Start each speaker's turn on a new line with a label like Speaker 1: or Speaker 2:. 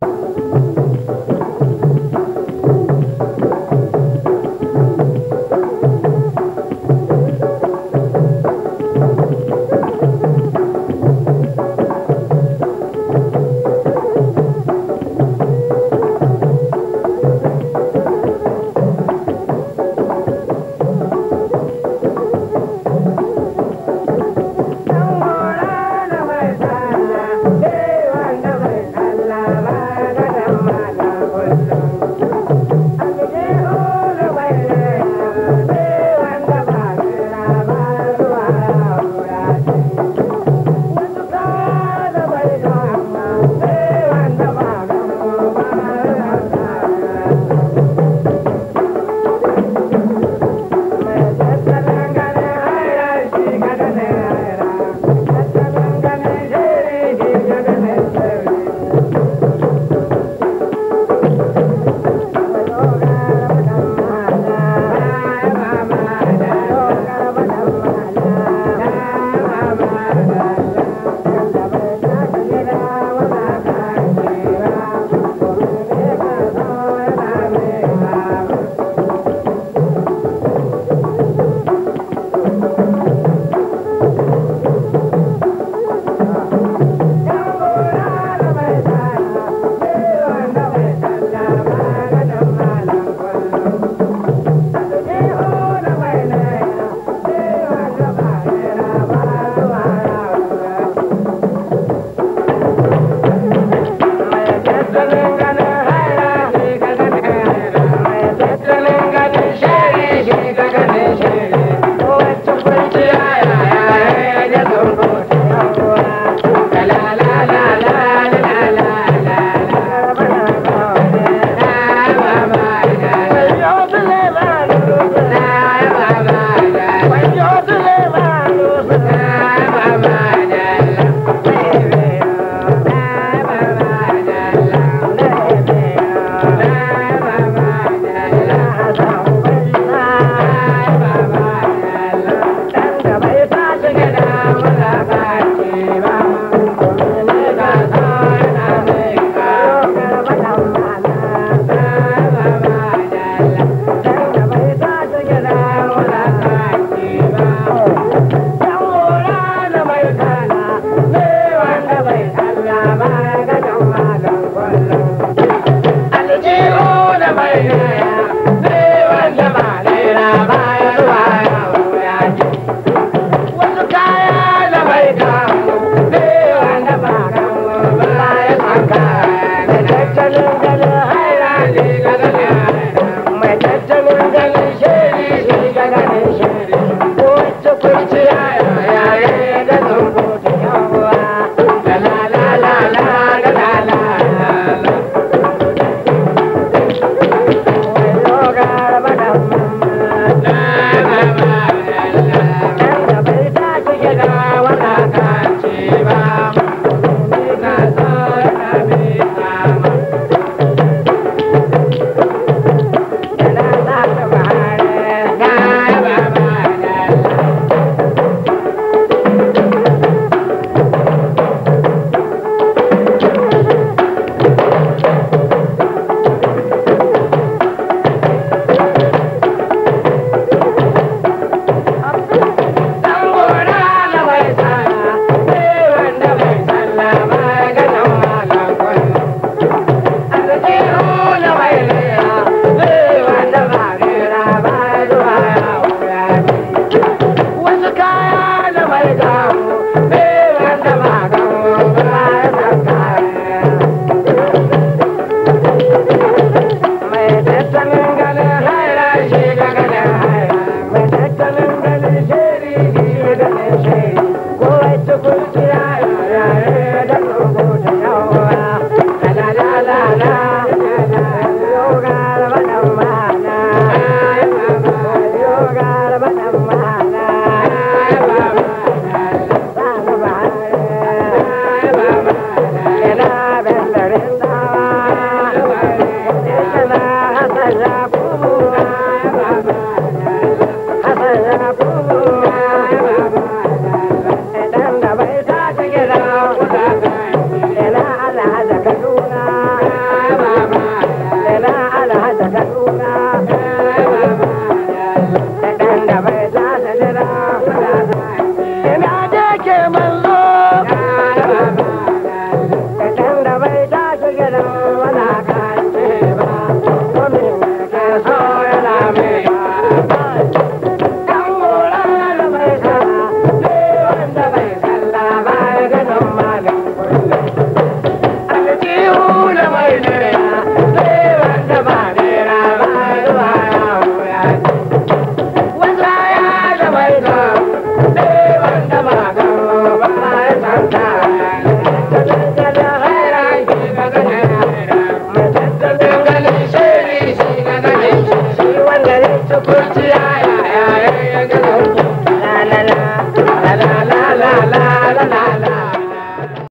Speaker 1: thank you Gracias. 哎呀呀！
Speaker 2: Apple.